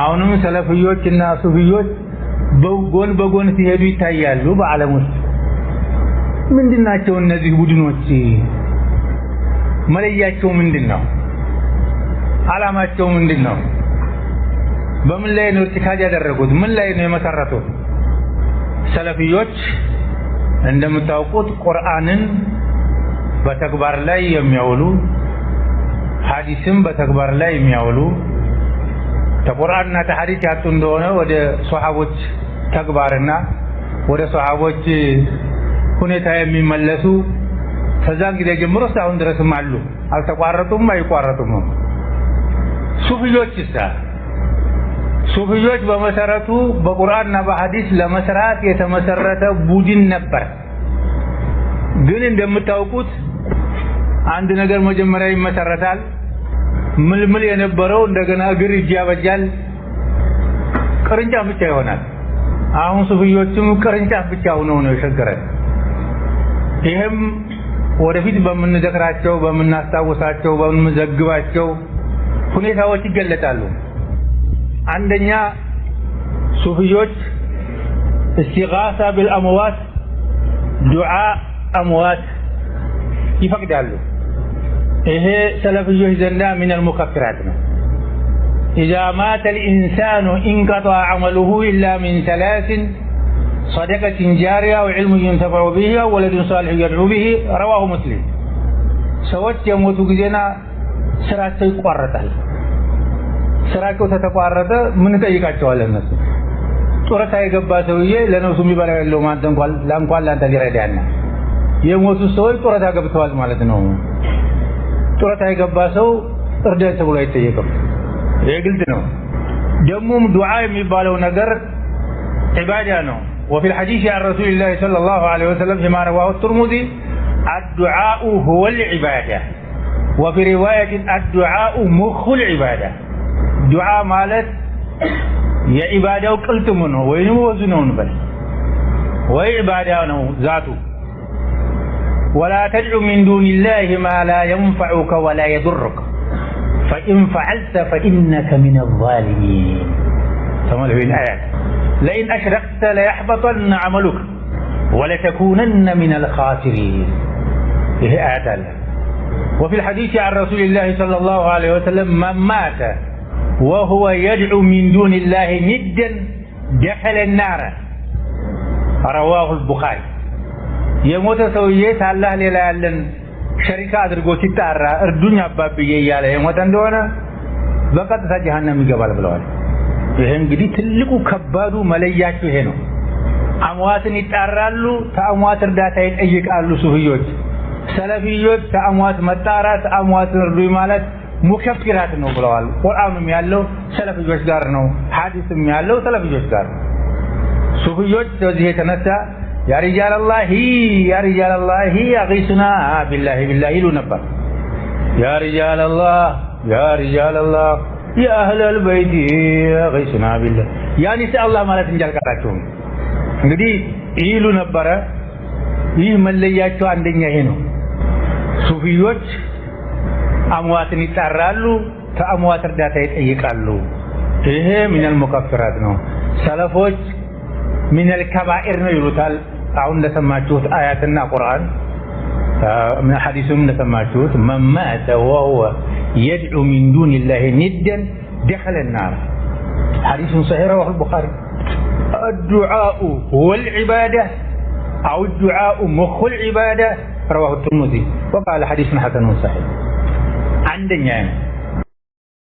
አሁንም ሰለፍዮች እና ሱፍዮች በጎን በጎን ሲሄዱ ይታያሉ በዓለም ውስጥ ምንድናቸው እነዚህ ቡድኖች መለያቸው ምንድነው አላማቸው ምንድነው በምን ላይ ነው ኢርቲካድ ያደረጉት ምን ላይ ነው የመሰረቱት ሰለፍዮች እንደምታውቁት ቁርአንን በተግባር ላይ የሚያውሉ ሐዲስም በተግባር ላይ የሚያውሉ ከቁርአንና ተሐዲስ ያጡ እንደሆነ ወደ ሶሐቦች ተግባርና ወደ ሶሐቦች ሁኔታ የሚመለሱ ከዛን ጊዜ ጀምሮ እስካሁን ድረስም አሉ። አልተቋረጡም፣ አይቋረጡም። ሱፍዮች ሳ ሱፍዮች በመሰረቱ በቁርአንና በሐዲስ ለመስራት የተመሰረተ ቡድን ነበር። ግን እንደምታውቁት አንድ ነገር መጀመሪያ ይመሰረታል። ምልምል የነበረው እንደገና እግር እጅ ያበጃል፣ ቅርንጫፍ ብቻ ይሆናል። አሁን ሱፍዮቹም ቅርንጫፍ ብቻ ሆነው ነው የሸገረን። ይህም ወደፊት በምንዘክራቸው፣ በምናስታውሳቸው፣ በምንዘግባቸው ሁኔታዎች ይገለጣሉ። አንደኛ ሱፍዮች እስቲጋሳ ቢልአምዋት ዱዓ አምዋት ይፈቅዳሉ። ይሄ ሰለፍዮች ዘንዳ ሚነል ሙከፍራት ነው። ኢዛ ማተል ኢንሳኑ ኢንቀጣ ዐመሉሁ ኢላ ሚን ሰላሲን ሰደቀትን ጃሪያ ወዕልሙን ዩንተፈዑ ቢሂ ወወለዱን ሷሊሑን የድዑ ቢሂ ረዋሁ ሙስሊም። ሰዎች የሞቱ ጊዜና ስራቸው ይቋረጣል። ስራቸው ተተቋረጠ ምን እጠይቃቸዋለን? እነሱ ጡረታ የገባ ሰውዬ ለነፍሱ የሚበላው የለውም። አንተ እንኳን ላንተ ሊረዳና የሞቱ ሰዎች ጡረታ ገብተዋል ማለት ነው። ጡረታ የገባ ሰው እርዳኝ ተብሎ አይጠየቅም። ይህ قلت ነው። ደግሞም ዱዓ የሚባለው ነገር ዒባዳ ነው። وفي الحديث عن رسول الله صلى الله عليه وسلم فيما رواه الترمذي الدعاء هو العبادة وفي رواية الدعاء مخ العبادة دعاء مالت يا عبادة وقلت منه وين وزنون بل وعبادة ذاته ولا تدع من دون الله ما لا ينفعك ولا يضرك فإن فعلت فإنك من الظالمين تمام في الآيات لئن أشركت ليحبطن عملك ولتكونن من الخاسرين إيه آيات الله وفي الحديث عن رسول الله صلى الله عليه وسلم من مات وهو يدعو من دون الله ندا دخل النار رواه البخاري የሞተ ሰውዬ ታላህ ሌላ ያለን ሸሪካ አድርጎ ሲጣራ እርዱኝ አባብዬ እያለ የሞተ እንደሆነ በቀጥታ ጀሃነም ይገባል ብለዋል። ይሄ እንግዲህ ትልቁ ከባዱ መለያቸው ይሄ ነው። አሟትን ይጣራሉ፣ ተአሟት እርዳታ ይጠይቃሉ። ሱፍዮች፣ ሰለፊዮች ተአሟት መጣራት አሟትን እርዱኝ ማለት ሙከፊራት ነው ብለዋል። ቁርአኑም ያለው ሰለፊዮች ጋር ነው፣ ሐዲስም ያለው ሰለፊዮች ጋር። ሱፍዮች በዚህ የተነሳ ያ ሪጃለላሂ ያ ሪጃለላሂ አቂሱና ቢላሂ ቢላሂ ይሉ ነበር። ያ ሪጃለላህ ያ ሪጃለላህ ያ አህለል በይቲ አቂሱና ቢላሂ ያኔ አላህ ማለት እንጂ አልቀራችሁም። እንግዲህ ይሉ ነበረ። ይህ መለያቸው አንደኛ ይሄ ነው። ሱፊዮች አምዋትን ይጣራሉ፣ ከአምዋት እርዳታ ይጠይቃሉ። ይሄ ሚነል ሙከፍራት ነው። ሰለፎች ሚነል ከባኢር ነው ይሉታል። አሁን ለሰማችሁት አያትና ቁርአን من حديث من سمعتوت من مات وهو يدعو من دون الله ندا دخل النار حديث صحيح رواه البخاري الدعاء هو العبادة أو الدعاء مخ العبادة رواه الترمذي وقال حديث حسن صحيح عندنا يعني